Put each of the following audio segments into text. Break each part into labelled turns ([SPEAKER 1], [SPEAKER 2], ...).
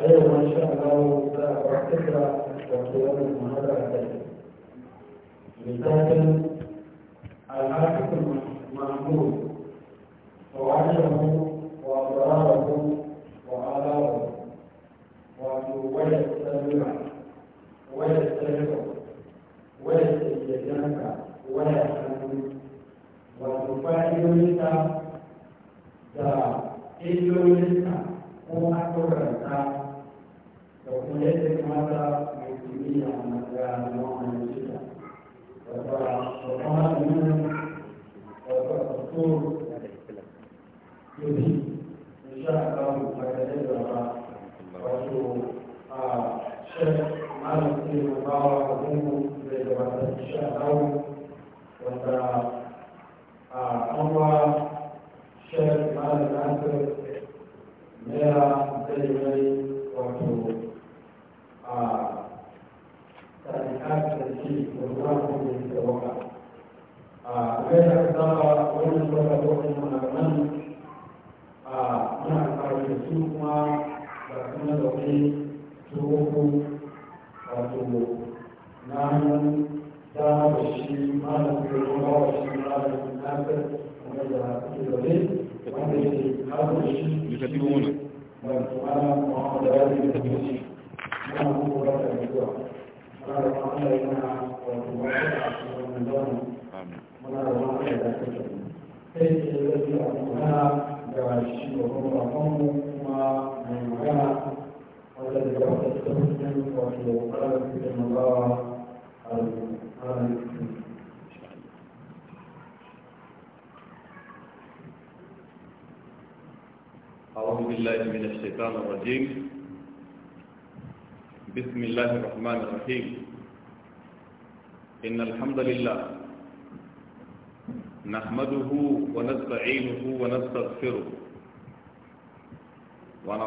[SPEAKER 1] أيضا
[SPEAKER 2] إن شاء الله راح تقرأ وقيام المناظرة عليه بالذات العاقب المحمود وعجبه وأضراره وآلاءه ويستمع ويستمع ويستجدنك ويحمد وتفاعل لك da illolinka ko haɗurarka kuma yadda kamata mai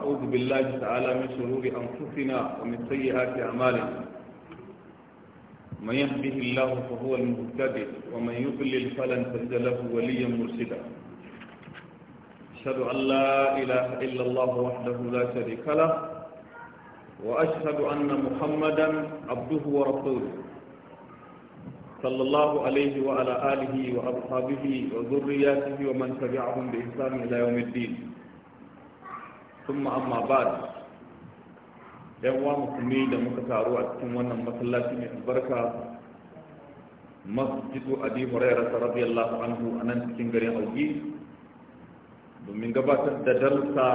[SPEAKER 3] ونعوذ بالله تعالى من شرور أنفسنا ومن سيئات أعمالنا من يهده الله فهو المهتدي ومن يضلل فلن تجد له وليا مرشدا أشهد أن لا إله إلا الله وحده لا شريك له وأشهد أن محمدا عبده ورسوله صلى الله عليه وعلى آله وأصحابه وذرياته ومن تبعهم بإحسان إلى يوم الدين sun amma ba da yan uwa musulmi da muka taru a cikin wannan masallaci mai albarka masjidu abi hurairah radiyallahu anhu a nan cikin garin auki domin gabatar da darussa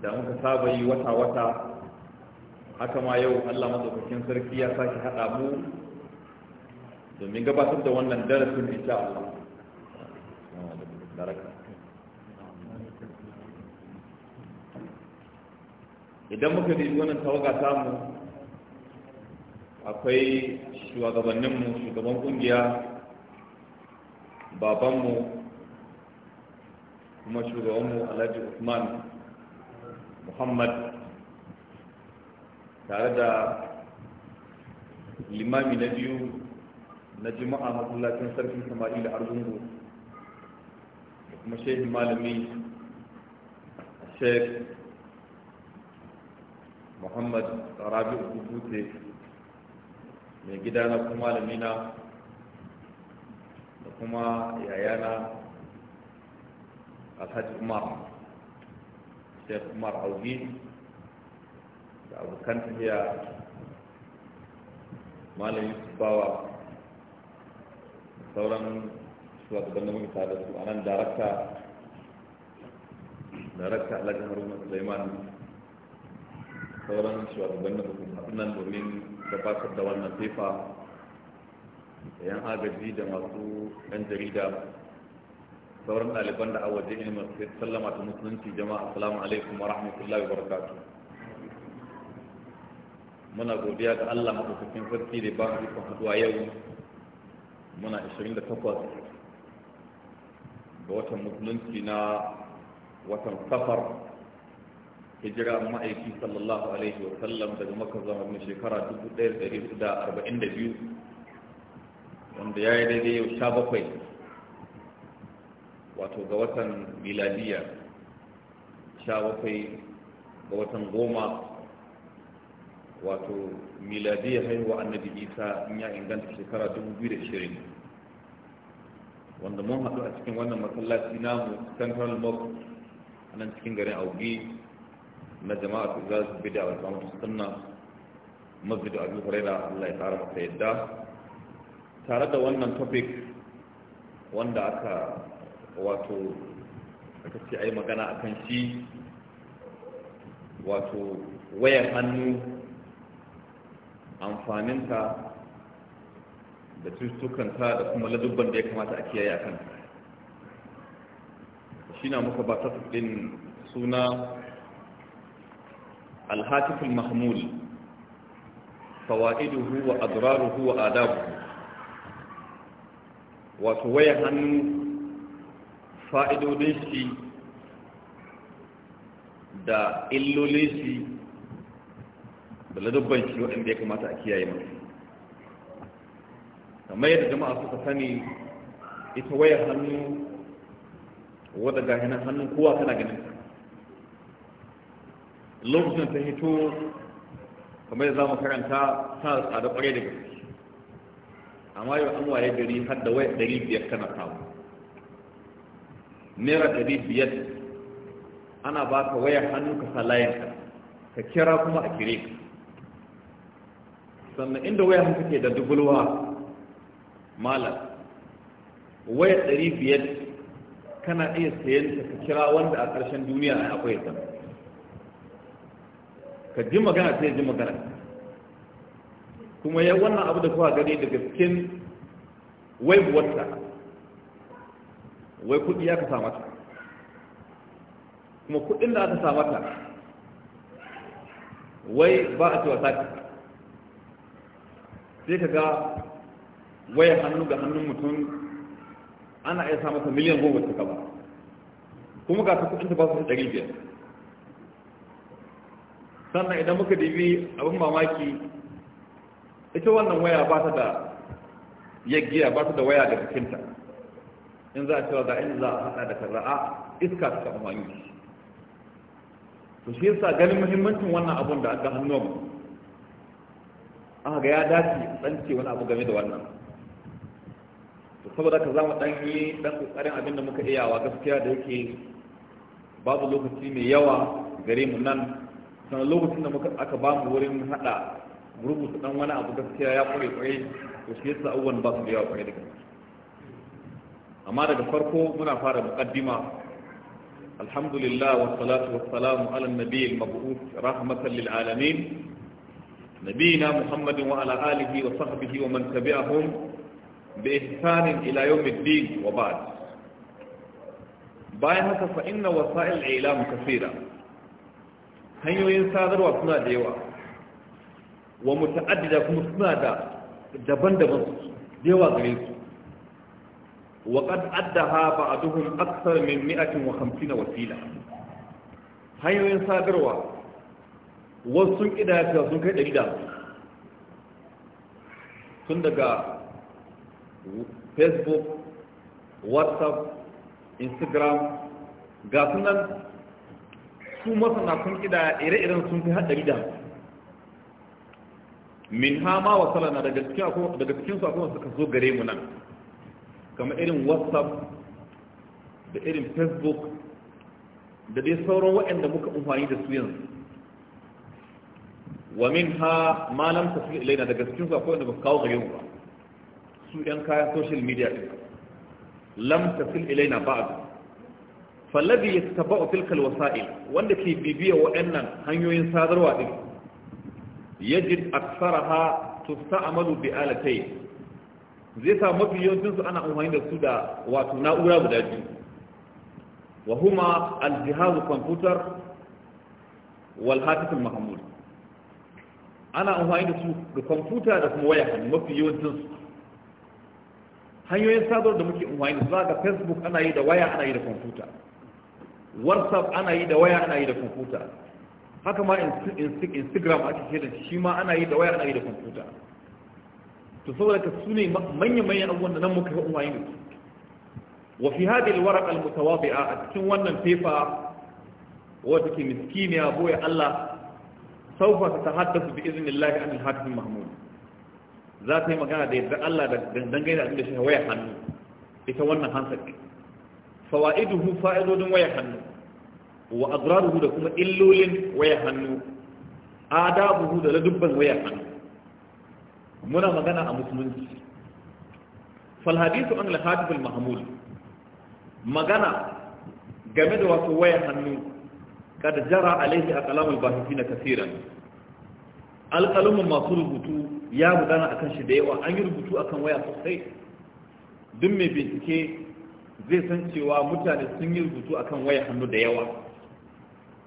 [SPEAKER 3] da muka saba yi wata-wata haka ma yau allah madaukakin sarki ya sake haɗa mu gabatar da wannan darasin insha idan muka dubi wannan tawaga samu akwai shugabanninmu shugaban kungiya babanmu kuma shugabanmu alhaji usman muhammad tare da limami na biyu na jima'a masallacin sarkin da arzungu da kuma shehi malami shek muhammad rabi'u butute mai gida na kuma lamina da kuma yayana alhaji umar sheikh umar augi da abokan tafiya malamin bawa sauran shugaban da muka da su a nan darakta darakta alhaji haruna suleiman sauran shugabannin da kuma nan domin gabatar da wannan fefa da yan agaji da masu yan jarida sauran ɗaliban da awaje ilimin sai sallama ta musulunci jama'a assalamu alaikum wa rahmatullahi wa barakatu muna godiya ga Allah maɗaukakin sarki da ba mu ikon haɗuwa yau muna 28 ga watan musulunci na watan safar hijira ma'aiki sallallahu alaihi wa sallam daga maka zama mai shekara 1442 wanda ya yi daidai yau sha bakwai wato ga watan miladiya sha bakwai ga watan goma wato miladiya haihuwa annabi isa in ya inganta shekara 2020 wanda mun haɗu a cikin wannan masallaci namu central mosque a nan cikin garin augi na jama'a su za su bida wa kamata sunna masjidu abu huraira allah ya tsara masa yadda tare da wannan topic wanda aka wato aka ce a magana a kan shi wato wayar hannu amfaninta da cututtukanta da kuma ladubban da ya kamata a kiyaye a kan shi na muka ba ta din suna الهاتف المحمول فوائده وأضراره وآدابه وتوي هنو فائدو ديشي دا إلو ليشي بلدبان شلو إن ديكو ما تأكيا يمن كما يدى جماعة ستفاني إتوي هنو wadda ga hannun kowa kana ganin lokacin ta hito kamar za mu karanta ta tsada kwarai da gaske amma yau an waye gari har da waya ɗari biyar kana samu naira ɗari biyar ana baka waya hannu ka sa layin ka kira kuma a kire ka sannan inda waya hannu ke da dubulwa malam waya ɗari biyar kana iya sayan ka kira wanda a ƙarshen duniya akwai sannan ka ji magana sai ji magana kuma ya wannan abu da kuwa gani daga cikin buwarta wai kuɗi ya ka samata kuma kuɗin da aka samata wai ba a cewa sati sai ka ga wai hannu ga hannun mutum ana iya sa miliyan goma ta ba kuma ga ta kudin ta ba su ɗari biyar sannan idan muka dibi abin mamaki ita wannan waya ba ta da yaggiya ba ta da waya da jikinta in za a cewa ga in za a haɗa da karra'a iska ta kama yi to shi yasa ganin muhimmancin wannan abun da aka hannu mu aka ga ya dace dan ce wani abu game da wannan to saboda ka zama dan yi dan kokarin abin da muka iya wa gaskiya da yake babu lokaci mai yawa gare mu nan sannan lokacin da aka ba mu wurin haɗa rubuta ɗan wani abu gaskiya ya ƙware ƙware to shi yasa abubuwan ba su da yawa ƙware da gaske amma daga farko muna fara muqaddima الحمد لله والصلاة والسلام على wa المبعوث رحمة wa نبينا محمد وعلى آله وصحبه ومن تبعهم بإحسان إلى يوم الدين وبعد بايهة فإن وسائل الإعلام كثيرة hanyoyin sadarwa suna da yawa wa muta'addida kuma suna da daban-daban su da yawa gare su wa qad addaha ba'duhum akthar min 150 wasila hanyoyin sadarwa wasu sun kidaya sun kai 100 tun daga facebook whatsapp instagram ga sunan su masana sun kida ire-iren sun fi haɗari da min hama wa salana daga cikin su akwai suka zo gare mu nan kama irin whatsapp da irin facebook da dai sauran waɗanda muka amfani da su yanzu wa min ha malam ta fi ilaina daga cikin su akwai wanda ba kawo gare mu ba su ɗan kaya social media ɗin lam ta fi ilaina ba'adu fallabi ya taba tilkal wasa'il wanda ke bibiya waɗannan hanyoyin sadarwa ɗin. Ya ji aksara din yajid aksaraha tusta'malu bi alatay zai sa mafi yawancin su ana amfani da su da wato na'ura guda biyu wa huma al-jihazu computer wal hatifin mahmud ana amfani da su da kwamfuta da kuma waya mafi yawancin su hanyoyin sadarwa da muke amfani da su za ga facebook ana yi da waya ana yi da kwamfuta whatsapp ana yi da waya ana yi da kwamfuta haka ma instagram ake kiran shi ma ana yi da waya ana yi da kwamfuta to saboda ka su ne manya-manyan abubuwan da nan muka yi umarni da su wa fi hadil waraq al a cikin wannan fefa wadda ke miskiniya boye Allah saufa ta tahaddasu bi iznillahi an al-hakim mahmud za ta yi magana da yadda Allah da dangane da abin da shi waya hannu ita wannan hansar fawa'iduhu fa'idodin waya hannu wa adraruhu da kuma illolin waya hannu adabuhu da ladubban waya hannu muna magana a musulunci fal hadithu an al hadith al mahmul magana game da wato waya hannu kada jara alaihi a kalamul bahisina kafiran alƙalumin masu rubutu ya gudana akan shi da yawa an yi rubutu akan waya sosai duk mai bincike zai san cewa mutane sun yi rubutu akan waya hannu da yawa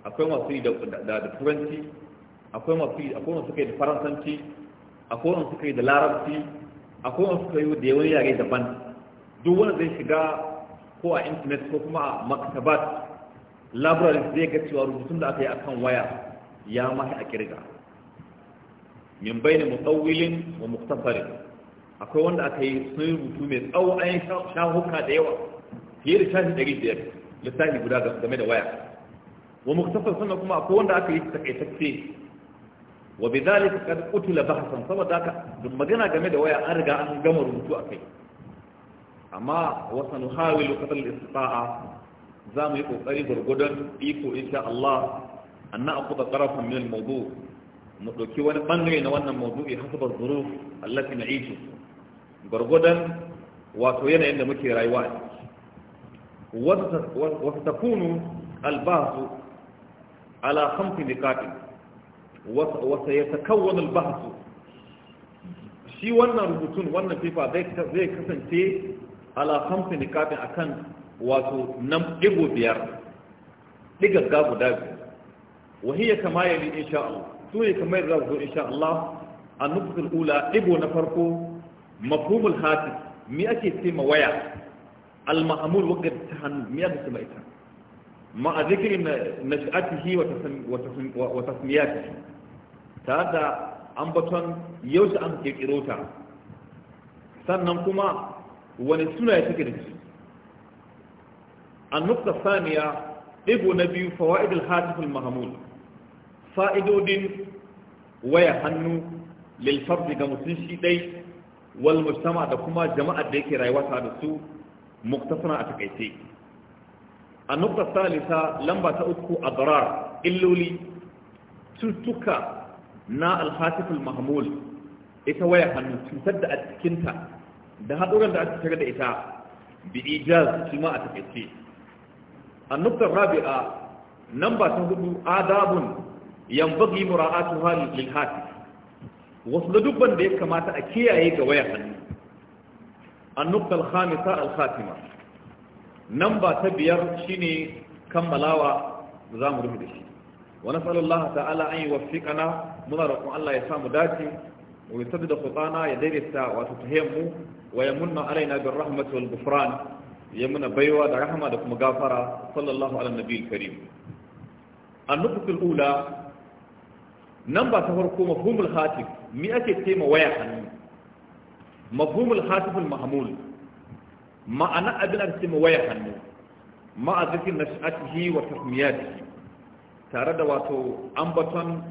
[SPEAKER 3] akwai masu yi da turanci akwai masu yi, suka yi da faransanci akwai masu suka yi da larabci akwai masu suka yi da yawan yare daban duk wanda zai shiga ko a intanet ko kuma a maktabat labraris zai ga cewa rubutun da aka yi akan waya ya mahi a kirga min bayni mutawilin wa muktasarin akwai wanda aka yi sun rubutu mai tsawo an shahuka da yawa fiye da shafi ɗari biyar littafi guda game da waya wa muktasar sannan kuma akwai wanda aka yi takaitacce wa bi zalika kad qutila bahasan saboda haka duk magana game da waya an riga an gama rubutu akai amma wa sanuhawilu qadar al-istita'a za mu yi kokari gurgudan iko insha Allah an na'khudha tarafan min al-mawdu' mu dauki wani bangare na wannan mawdu'i hasaba zuruf allati na'itu gurgudan wato yanayin da muke rayuwa وستكون البحث على خمس نقاط وسيتكون البحث shi wannan rubutun wannan fifa zai kasance ala hamsin nikafin akan wato nan digo biyar digagga guda biyu wahiyya kama yali insha Allah su ne kamar za su insha Allah an nufi ula ɗigo na farko mafhumul hatif mi ake ce ma waya al-ma'amul wagga ta hannu miya ya musu mai ma a zikirin wa tasmiyatihi ta da ambaton yaushe an kirkiro ta sannan kuma wani suna ya take da shi annukta saniya ɗigo na biyu fawa'idul hatiful mahamul fa'idodin waya hannu lilfardi ga mutum shi ɗai wal mujtama da kuma jama'ar da yake rayuwa ta da su muktasana a takaice a nukta salisa lamba ta uku a barar illoli cutuka na alhatiful mahmul ita waya hannu cutar da a cikinta da haɗuran da aka shiga da ita bi ijaz shi ma a takaice a nukta rabi'a namba ta hudu adabun yambagi mura'atu halin lil hatif wasu da dubban da ya kamata a kiyaye ga waya hannu النقطة الخامسة الخاتمة نمبر تبير شيني كملاوة زام رهدشي ونسأل الله تعالى أن يوفقنا منارق الله يسام داتي ويسدد خطانا يدير الساعة وتتهمه ويمن علينا بالرحمة والغفران يمن بيوة رحمة لكم مغافرة صلى الله على النبي الكريم النقطة الأولى نمبر تفرقوا مفهوم الخاتم مئة تيمة ويحن mafhumul hasiful mahmul ma'ana abin aka ce waya hannu ma'a zikin nashi'atihi wa tasmiyatihi tare da wato ambaton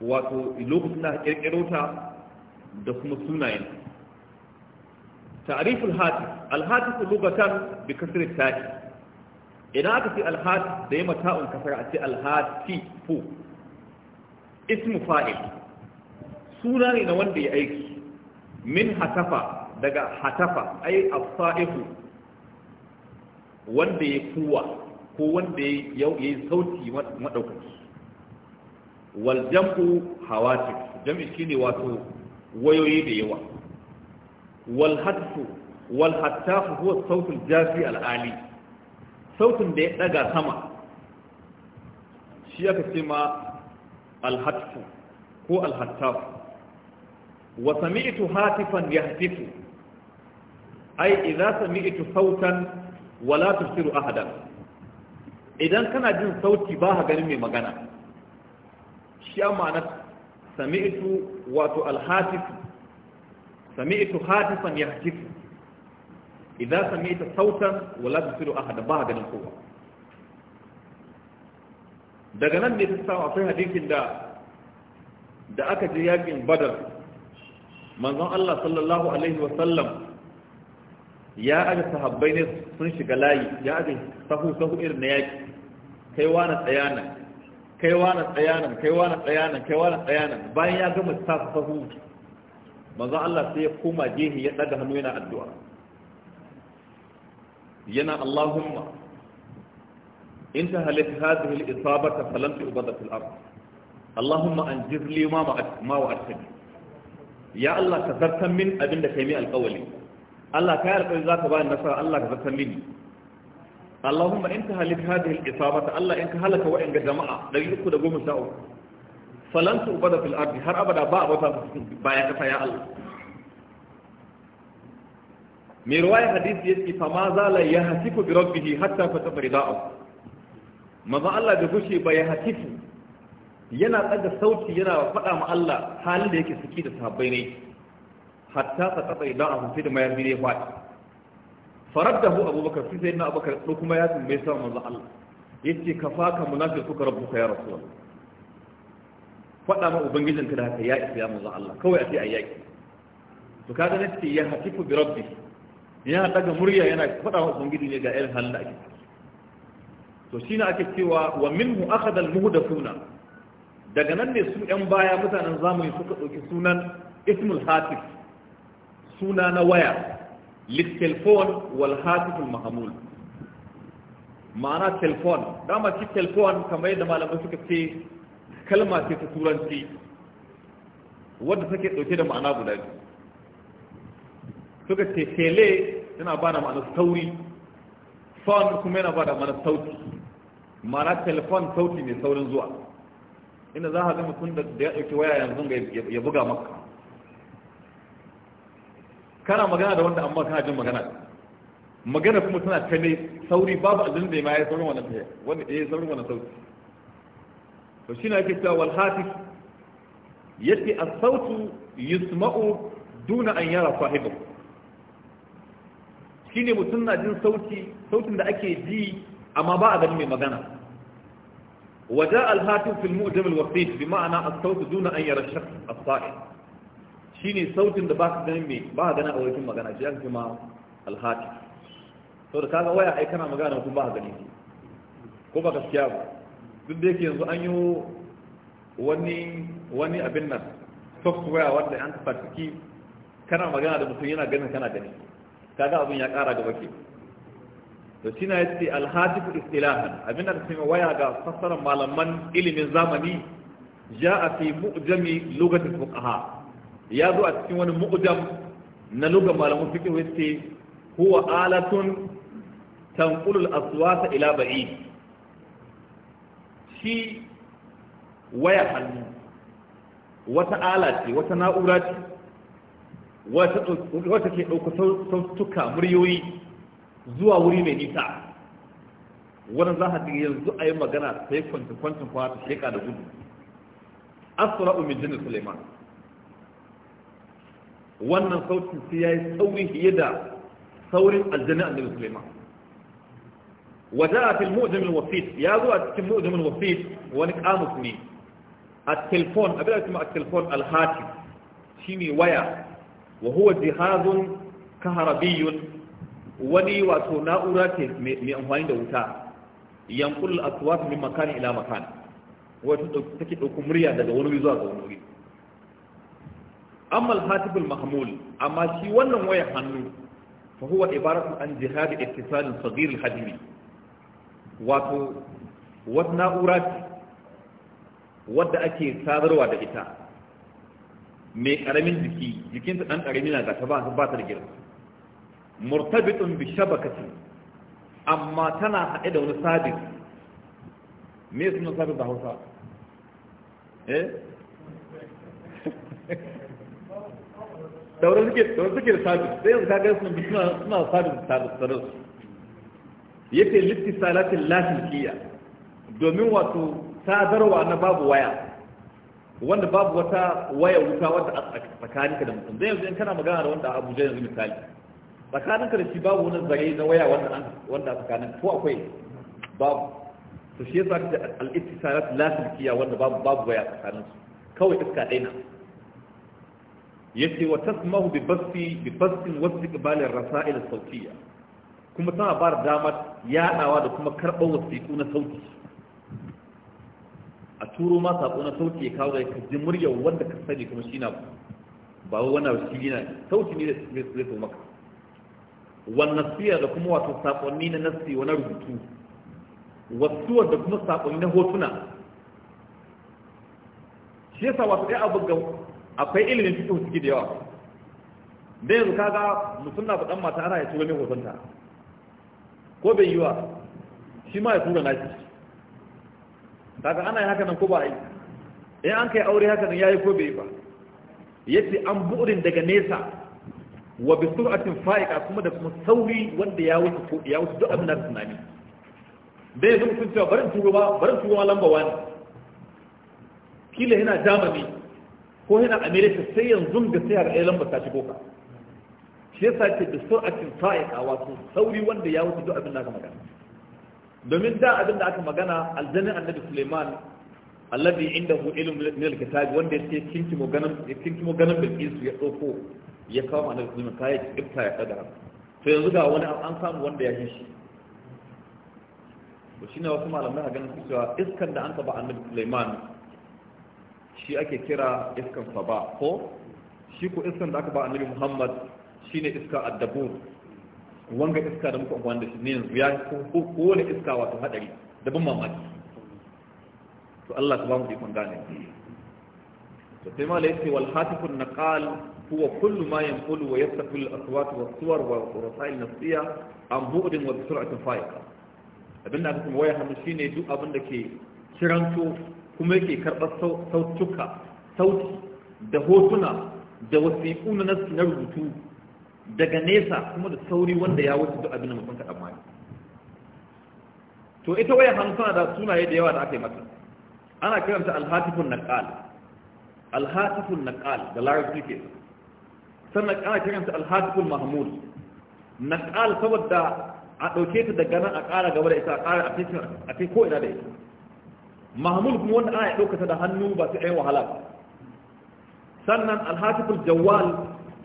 [SPEAKER 3] wato lokacin da kirkiro da kuma sunayen ta'riful hatif al-hatif lugatan bi kasri ta'i idan aka ce al da yamma ta'un kasara a ismu suna ne na wanda ya aiki min hatafa daga hatafa ai afsa'ihu wanda ya kuwa ko wanda ya yi sauti madaukaki. wal jam'u hawatif jam'i shine wato wayoyi da yawa wal hatfu wal hattafu huwa sautul jafi al ali sautin da ya daga sama shi aka ce ma al hatfu ko al hattafu wa sami'tu hatifan yahtifu ai idza sami'tu sautan wala tusiru ahadan idan kana jin sauti ba ka ganin mai magana shi ma'ana sami'tu wato alhatif sami'tu hatifan yahtifu idza sami'ta sautan wala tusiru ahadan ba ka gani kowa daga nan ne ta samu akwai hadisin da da aka je yakin badar manzon Allah sallallahu alaihi wa sallam ya aje sahabbai ne sun shiga layi ya aje sahu sahu irin na yaki kai wani tsayanan kai wani tsayanan kai wani tsayanan kai wani tsayanan bayan ya gama sa sahu manzon Allah sai ya koma gehe ya daga hannu yana addu'a yana Allahumma in ta انتهلت هذه الإصابة فلم تؤبد في الأرض اللهم أنجز لي ما وعدتني ya Allah ka zartan min abin da kai mai alƙawali Allah ka yi alƙawari za ka bani nasara Allah ka zartan mini Allahumma in ka halika hadhihi al-isabata Allah in ka halaka ga jama'a 313 falan tu'bada fil ardi har abada ba abata bayan ka ya Allah mai ruwaya hadisi ya ce fama zala ya hasifu bi rabbihi hatta fata farida'a maza Allah da gushe ba ya hasifu yana tsaga sauti yana faɗa ma Allah halin da yake saki da sahabbai ne hatta ta tsatsa idan a hufi da mayar ne faɗi farar da hu abubakar sai sai na abubakar ɗau kuma ya tun mai sa manzo Allah ya ce ka fa faka munafi suka rabu ka ya rasuwa faɗa ma ubangijinka da haka ya isa ya manzo Allah kawai a ce a yaƙi to kaga na ce ya hakifu bi rabbi yana daga murya yana faɗa wa ubangiji ne ga irin halin da ake to shine ake cewa wa minhu akhadha al-muhdafuna daga nan ne su 'yan baya mutanen zamani suka ɗauki sunan ismul hatif suna na waya littelfon wal hatiful mahamul ma'ana telefon dama ci telefon kamar yadda malamai suka ce kalma ce ta turanci wadda take ɗauke da ma'ana guda biyu suka ce tele yana ba da ma'ana sauri fon kuma yana ba da ma'anar sauti ma'ana telefon sauti ne saurin zuwa inda za a ga mutum da ya ɗauki waya yanzu ya buga maka kana magana da wanda amma kana jin magana magana kuma tana ta ne sauri babu abin da ma ya saurin wannan tafiya wanda ya saurin wani sauti to shine ake cewa wal hatif yati as-sautu yusma'u duna an yara Shi ne mutum na jin sauti sautin da ake ji amma ba a ganin mai magana وجاء الهاتف في المؤجم الوسيط بمعنى الصوت دون أن يرى الشخص الصائل شيني صوت da baka ganin me ba gana a wajen magana shi an kuma alhati to da kaga waya ai kana magana kuma ba gani ko ba gaskiya duk da yake yanzu an yi wani wani abin nan software wanda an tafi kana magana da mutum yana ganin kana gani kaga abin ya kara gaba ke to shine yace al-hatifu istilahan abin da kuma waya ga fassarar malaman ilimin zamani ya ja'a fi mu'jami lugati fuqaha ya zo a cikin wani mu'jam na lugar malaman fiqh yace huwa alatun tanqulu al-aswata ila ba'id shi waya hannu wata ala ce wata na'ura ce wata ke ɗauka sautuka muryoyi zuwa wuri mai nisa wani za ka yanzu a yi magana sai kwanci kwancin kwata sheka da gudu asra Umar jinnin suleiman wannan sautin sai ya yi sauri fiye da saurin aljanna annabi suleiman وجاء في المؤجم الوسيط يا a المؤجم الوسيط ونقامس ني التلفون أبدا يسمى التلفون الهاتف شيني ويا وهو جهاز كهربي wani wato na'ura ke mai amfani da wuta yankul aswat min makan ila makan wato take dauko murya daga wani zuwa ga wani amma al-hatib al-mahmul amma shi wannan wayar hannu fa huwa ibaratu an jihad ittisal saghir al-hadimi wato wata na'ura ce wadda ake sadarwa da ita mai karamin jiki jikinta dan karami na ga ta ba ta da girma murtabitun bi shabakati amma tana haɗe da wani sabit me suna sabit da hausa eh
[SPEAKER 1] daura suke daura suke da sabit sai yanzu kaga suna suna
[SPEAKER 3] suna sabit da sabit su yake litti salatin lafilkiya domin wato sadarwa na babu waya wanda babu wata waya wuta wadda a tsakaninka da mutum zai yanzu in kana magana da wanda abuja yanzu misali tsakanin ka da shi babu wani zare na waya wanda a wanda tsakanin ko akwai babu to shi yasa da al-ittisalat la tilkiya wanda babu babu waya tsakanin su kawai iska ɗaya na yace wa tasmahu bi basti bi bastin wa istiqbal ar-rasail as-sawtiyya kuma ta ba da damar yaɗawa da kuma karɓar wasiƙu na sauti a turo ma saƙo na sauti ya kawo da ka ji muryar wanda ka sani kuma shi na ba wani abu shi na sauti ne zai su maka wannan siya da kuma wato sakonni na nassi wa na rubutu Wasu da kuma sakonni na hotuna shi yasa wato ɗaya abu ga akwai ilimin fito suke da yawa da yanzu kaga mutum na faɗan mata ana ya tura mai hotunta ko bai yi wa shi ma ya tura nashi daga ana yi haka nan ko ba yi in an kai aure haka nan ya yi ko bai yi ba yace an buɗin daga nesa wa bi sur'atin fa'iqa kuma da kuma sauri wanda ya wuce ko ya wuce duk abin da tunani da yanzu mutum cewa barin turo ba barin turo ma lamba wani kila yana jamani ko yana america sai yanzu ga sai har ɗaya lamba ta shigo ka shi yasa ce bi sur'atin fa'iqa wato sauri wanda ya wuce duk abin da aka magana domin da abin da aka magana aljannin annabi suleiman alladhi indahu ilm min alkitab wanda yake kinkimo ganin kinkimo ganin bilkisu ya dauko ya kawo annabi sallallahu alaihi wasallam kayan ibta ya kadara to yanzu ga wani an samu wanda ya yi shi to shine wasu malamai a ganin cewa iskan da an taba annabi Suleiman shi ake kira iskan ba. ko shi ko iskan da aka ba annabi Muhammad shi ne iska addabu wanga iska da muka wanda shi ne yanzu ya ko wani iska wato hadari da ban mamaki to Allah ta ba mu ikon gane to sai ma la yace wal hatifun naqal هو كل ما ينقل ويستقبل الأصوات والصور والرسائل النفسية عن بعد وبسرعة فائقة abin da aka kuma waya hannu shine duk abin da ke kiranto kuma yake karɓar sautuka sauti da hotuna da wasiƙu na na rubutu daga nesa kuma da sauri wanda ya wuce duk abin da mutum ka tsammani to ita waya hannu tana da sunaye da yawa da aka yi mata ana kiranta alhatifun naqal alhatifun naqal da larabci ke sannan ana kiranta alhatiful mahmud na ƙala saboda a ɗauke ta daga nan a ƙara gaba da ita a ƙara a fi ko'ina da ita mahmud kuma wanda ana ɗaukata da hannu ba su ɗaya wahala ba sannan alhatiful jawal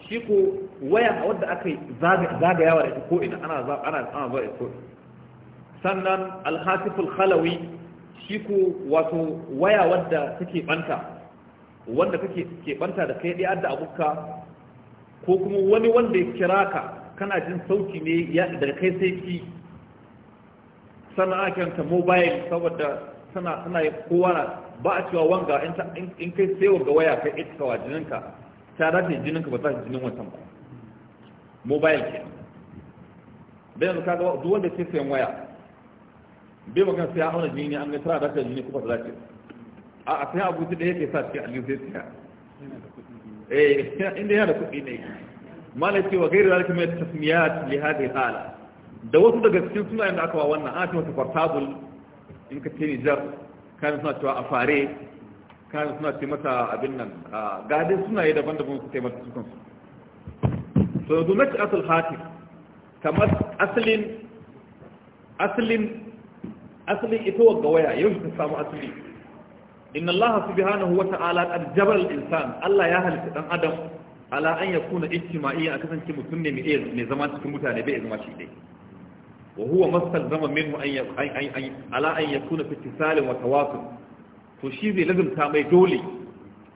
[SPEAKER 3] shi ko waya wadda aka zagayawa da ita ko'ina ana zuwa ita ko'ina sannan alhatiful Halawi, shi ko wato waya wadda take ɓanta, wanda kake ke banta da kai ɗaya da abuka ko kuma wani wanda ya kira ka kana jin sauti ne daga kai sai ki sannan ana kiranta mobile saboda sana sana kowa ba a cewa wanga in kai sai ga waya kai ita kawa jininka ta dace jininka ba za ta jinin wancan ba mobile ke dan yanzu kaga duk wanda ke sayan waya bai magana sai ya auna jini an ga tara dace jini kuma ta dace a a sai abu da yake sa cikin aljihun sai siya Eh, inda yana da kuɗi ne malai ce wa gairu zalika mai li hala da wasu daga cikin sunayen da aka wa wannan ana cewa portable in ka jar kan suna cewa a fare kan suna ce mata abin nan ga dai daban-daban su su kansu so asal kamar asalin asalin asalin ita waya yau ta samu asali inna Allah subhanahu wa ta'ala qad jabal insan Allah ya halitta dan adam ala an yakuna ijtima'iyyan a kasance mutum ne mai zama cikin mutane bai zama shi dai wa huwa masal zama minhu an an ala an yakuna fi ittisalin wa tawasul to shi zai lazumta mai dole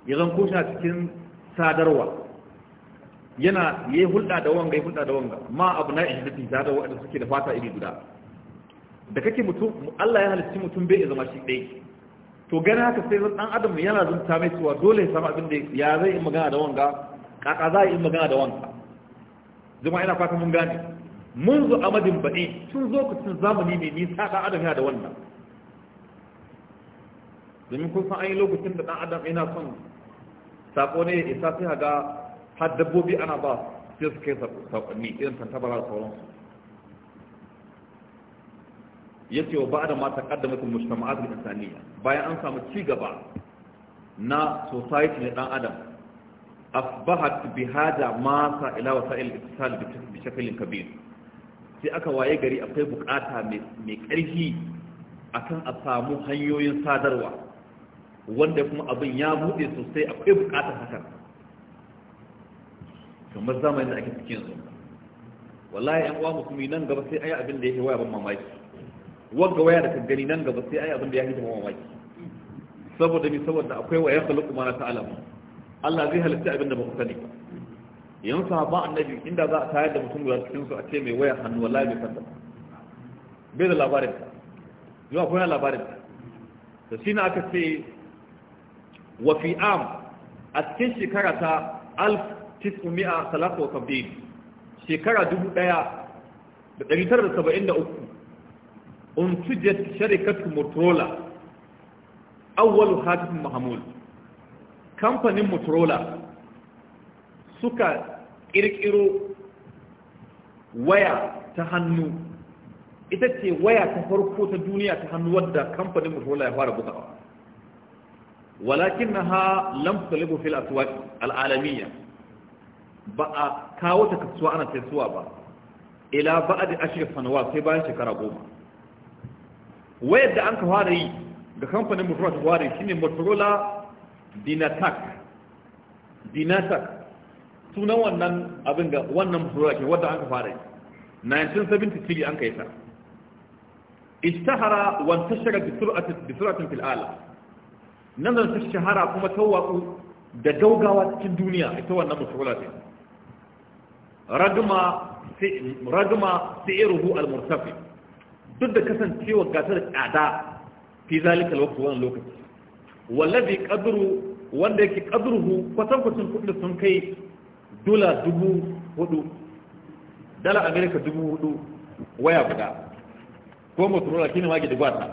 [SPEAKER 3] ya zan kosha cikin sadarwa yana yayi hulɗa da wanga yayi hulɗa da wanga ma abu na ihdati da da wanda suke da fata iri guda da kake mutum Allah ya halicci mutum bai zama shi dai to ganin haka sai zan dan adam yana zunta mai cewa dole ya samu abin da ya zai in magana da wanga kaka za in magana da wanga kuma ina fata mun gane mun zo amadin baɗi tun zo ku tun zamani mai nisa dan adam yana da wannan domin kun san an yi lokacin da ɗan adam yana son sako ne ya isa sai ga haddabobi ana ba sai su kai sakonni irin tantabara sauransu ce wa ba'da ma taqaddamat al-mujtama'at al-insaniyya bayan an samu ci gaba na society na dan adam asbahat bi hada ma sa ila wasa'il ittisal bi shaklin kabir sai aka waye gari akwai bukata mai karfi akan a samu hanyoyin sadarwa wanda kuma abin ya bude sosai akwai bukatar hakan kamar zamanin da ake cikin yanzu wallahi yan uwa musulmi nan gaba sai ayi abin da yake waya ban mamaki wagga waya da ka gani nan gaba sai ai abin da ya hita mamaki saboda mi saboda akwai wa ya khalaqu ma la ta'lamu Allah zai halitta abin da ba ku sani ba yan sahaba annabi inda za a tayar da mutum guda cikin su a ce mai waya hannu wallahi bai san bai da labarin ta yau akwai labarin ta da shi na aka ce wa fi am a cikin shekara ta alf tis'umi'a talata wa shekara dubu ɗaya da ɗari tara da saba'in da uku untujat sharikatu motorola awwalu hatifin mahamud kamfanin rola suka ƙirƙiro waya ta hannu ita ce waya ta farko ta duniya ta hannu wadda kamfanin motorola ya fara bugawa walakin na ha lamtalibu fil al'alamiya ba a kawo ta kasuwa ana sai ba ila ba ba'adi ashirin sanawa sai bayan shekara goma wayar da an ka fara yi ga kamfanin motorola ta fara yi shine motorola Dinatac, dinatak sunan wannan abin ga wannan motorola ke wadda an ka fara yi 1973 an ka yi ta ishtahara wa tashara bi sur'atin bi sur'atin fil alam nan ta shahara kuma tawaku da gaugawa cikin duniya ita wannan motorola ce ragma ragma sairuhu al-murtafi duk da kasancewa gasar tsada fi zalika lokacin wannan lokaci wallazi qadru wanda yake qadruhu kwatan kudin sun kai dola dubu hudu dala amerika dubu hudu waya guda ko motorola ma ke da gwata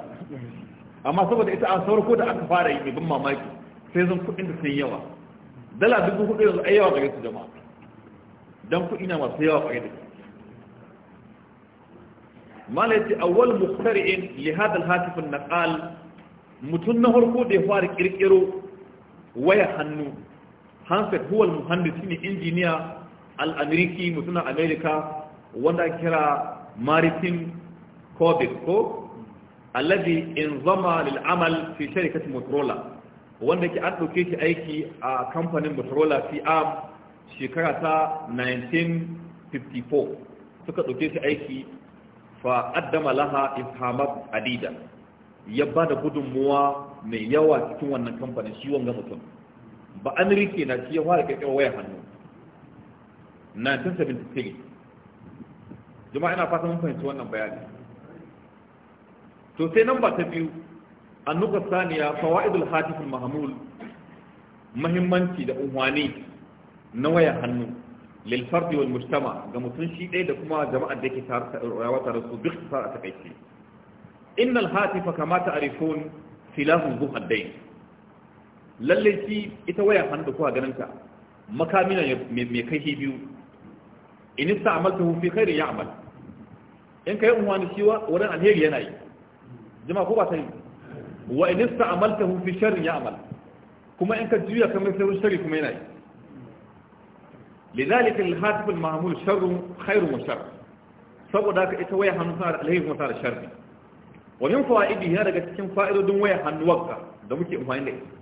[SPEAKER 3] amma saboda ita an saurako da aka fara yi ban mamaki sai zan kudin da sun yawa dala dubu hudu yanzu ayyawa ga su jama'a don kudi na masu yawa yi da su malaiti awwal muqtari'in li hadha al-hatif an-naqal mutun na harko da ya fara ƙirƙiro waya hannu hanset huwal al-muhandis injiniya al'amirki ameriki mutuna america wanda kira maritim kobik ko alladhi in zama amal fi sharikati motorola wanda ke an dauke shi aiki a kamfanin motorola fi'a shekara ta 1954 suka dauke shi aiki fa addama laha ifhamat adida ya ba da gudunmuwa mai yawa cikin wannan kamfanin shi wanga mutum ba an rike na shi ya fara kirkirar wayar hannu 1973 jama'a ina fata mun fahimci wannan bayani to sai namba ta biyu nuka saniya fawaidul hatifin mahamul mahimmanci da unhwani na wayar hannu lil fardi wal ga mutum shi ɗaya da kuma jama'ar da yake rawa tare su duk sa a takaice innal fa kama ta'rifun silahun zu haddain lalle shi ita waya hannu da kuka ganin ta makami ne mai kai shi biyu in hufi fi ya ya'mal in kai unwani shi wurin alheri yana yi jama'a ko ba ta yi wa in hufi fi ya ya'mal kuma in ka juya kamar sai sharri kuma yana yi lidhalika al-hatif al-mahmul wa saboda haka ita waya hannu tana da alheri kuma tana da sharri wa fa'idi ya daga cikin fa'idodin waya hannu wakka da muke amfani da ita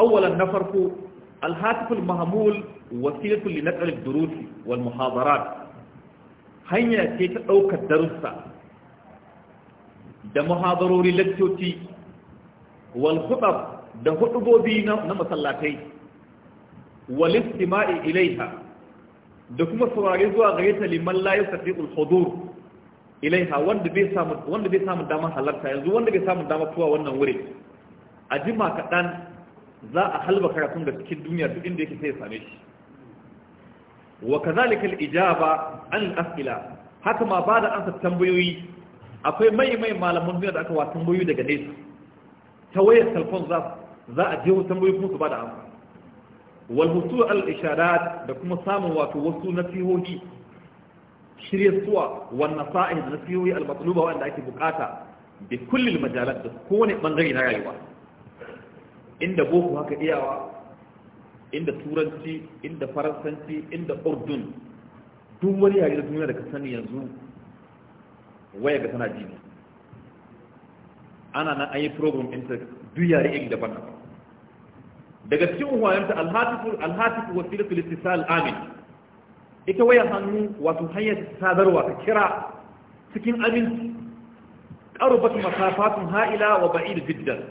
[SPEAKER 3] awwalan na farko al-hatif al-mahmul wasilatu li ad-durus wal muhadarat hanya ce ta daukar darussa da muhadarori lakcoci wal khutab da hudubobi na masallatai wal istima'i ilaiha da kuma saurare zuwa gare ta liman la yastati'ul hudur ilaiha wanda bai samu damar halarta yanzu wanda bai samu damar tuwa wannan wuri a jima kaɗan za a halba karatun da cikin duniya duk inda yake sai ya same shi wa kazalika al-ijaba an al-as'ila haka ma ba da ansa tambayoyi akwai mai mai malaman duniya da aka wa tambayoyi daga nesa ta wayar telefon za za a je tambayoyi kuma su ba da amsa wal hutu al isharat da kuma samun wato wasu nasihohi shirye suwa wan nasa'i da nasihohi al matluba wanda ake bukata bi kulli al majalat da kowane bangare na rayuwa inda boko haka iyawa inda turanci inda faransanci inda urdun duk wani yare da duniya da ka sani yanzu waya ga tana jini ana nan an yi program ɗin duk yare iri daban daban daga cikin wayanta alhatifu alhatifu wasilatul istisal amin ita waya hannu wato hanyar sadarwa ta kira cikin amin qarubat masafatun ha'ila wa ba'id jiddan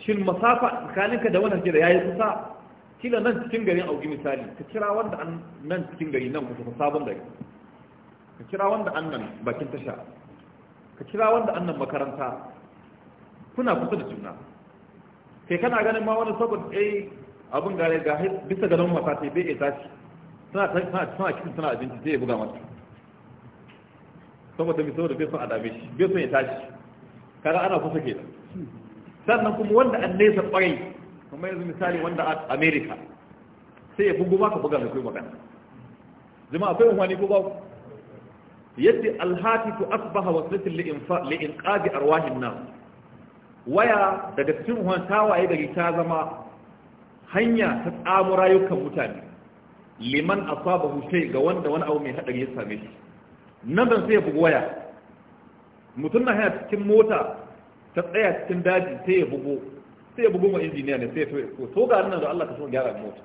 [SPEAKER 3] shin masafa tsakaninka da wannan kira yayi kusa kila nan cikin garin auki misali ka kira wanda an nan cikin gari nan kusa sabon gari ka kira wanda an nan bakin tasha ka kira wanda an nan makaranta kuna kusa da juna kai kana ganin ma wani saboda kai abin gare ga bisa ga nan mata bai isa shi suna suna cikin suna abinci sai ya buga mata saboda mai saboda bai son a dame shi bai son ya tashi kaga ana kusa ke sannan kuma wanda an nesa kwarai kuma yanzu misali wanda a america sai ya bugu maka buga mai kai magana zama akwai umarni ko babu yadda alhatiku asbaha wasilatin li'inqabi arwahin nan waya daga cikin ruwan tawaye gari ta zama hanya ta tsamu rayukan mutane liman saba shay ga wanda wani abu mai hadari ya same shi nan ban sai ya bugu waya mutum na hanya cikin mota ta tsaya cikin daji sai ya bugu sai ya bugu ma injiniya ne sai ya to ga nan da Allah ka so gyara mota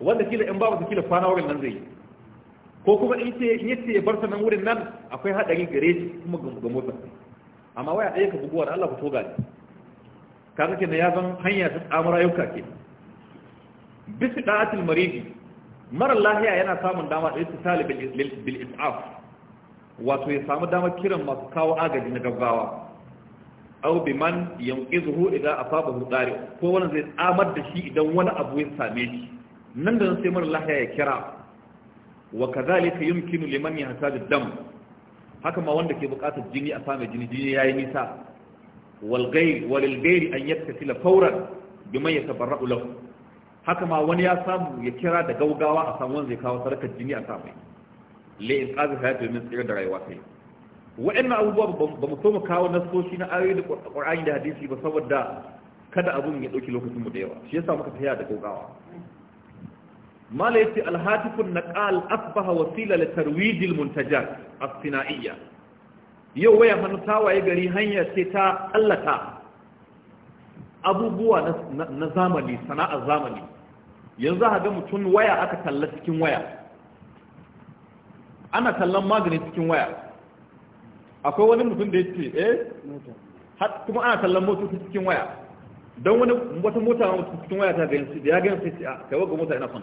[SPEAKER 3] wanda kila in babu kila kwana wurin nan zai ko kuma in ce in yace ya bar ta nan wurin nan akwai hadari gare shi kuma ga motsa amma waya ɗaya ka buguwa da Allah ku toga ne ka kenan na zan hanya ta tsamar ayyuka ke bisu ɗa'atul maridi mara lahiya yana samun dama da tali bil is'af wato ya samu damar kiran masu kawo agaji na gaggawa aw man yanqizuhu idza asabahu dari ko wani zai tsamar da shi idan wani abu ya same shi nan da sai mara lahiya ya kira wa kadhalika yumkinu liman yahtaju dam haka ma wanda ke bukatar jini a same jini jini ya yi nisa wal an yi ghayr an yattasila fawran biman tabarra ulau haka ma wani ya samu ya kira da gaugawa a samu zai kawo sarakar jini a same in inqazi hayati min tsira da rayuwa sai wa'annan abubuwa ba mu so mu kawo nasoshi na ayoyi da da hadisi ba saboda kada abun ya ɗauki lokacin mu da yawa shi yasa muka tafiya da gaugawa mala yace alhatifun naqal asbaha wasila li tarwijil muntajat as-sina'iyya yau waya hannu tawaye gari hanya ce ta allata abubuwa na zamani sana'ar zamani yanzu a ga mutum waya aka talla cikin waya ana tallan magani cikin waya akwai wani mutum da ya ce eh kuma ana tallan motoci waya don wani wata mota ma mutum cikin waya ta gayin da ya a ah, kai waga mota ina son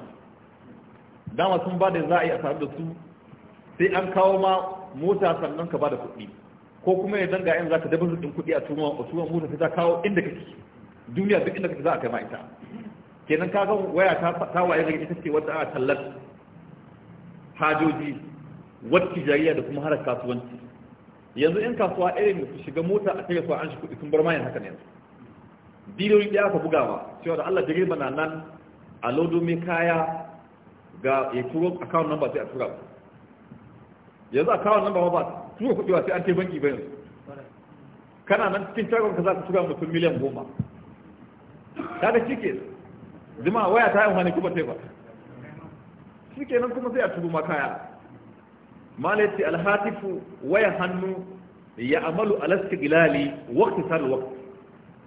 [SPEAKER 3] dama sun ba da za a yi a tare da su sai an kawo ma mota sannan ka ba da kuɗi ko kuma ya ga yin za ka dabar din kuɗi a tuma a tuma mota sai ta kawo inda kake duniya duk inda kake za a kai ma ita kenan ka ga waya ta waye daga ita ce wata aka tallar hajoji wacce jariya, da kuma harar kasuwanci yanzu yan kasuwa irin su shiga mota a kai su an shi kuɗi sun bar mayan haka ne yanzu dilolin ya aka buga ma cewa da Allah direba na nan a lodo mai kaya ga ya turo account number sai a tura ku yanzu account number ba tura kuɗi ba sai an taimaki banki ba yanzu kana nan cikin shagon ka za ka tura mutum miliyan goma ta da cike zima waya ta yi wani kuma sai ba nan kuma sai a ma kaya. malaiti alhatifu waya hannu ya amalu alaska gilali wakti sar wakti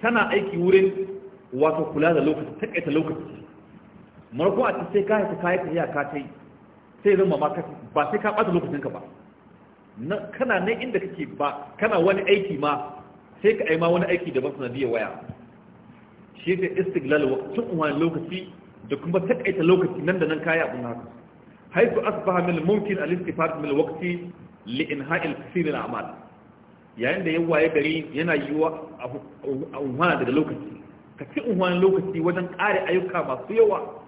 [SPEAKER 3] tana aiki wurin wato kula da lokaci takaita lokaci marko a sai ka haifi kayi tafiya ka ta yi sai zama ma ba sai ka ɓata lokacinka ba kana nan inda kake ba kana wani aiki ma sai ka aima wani aiki da sanadiyar waya shi ne istiglal waqtun wani lokaci da kuma takaita lokaci nan da nan kaya abin haka haitu asbaha min mumkin al-istifad min waqti li inha'i al-kathir al-a'mal yayin da ya gari yana yiwa a unhana daga lokaci ka ci unhana lokaci wajen kare ayyuka masu yawa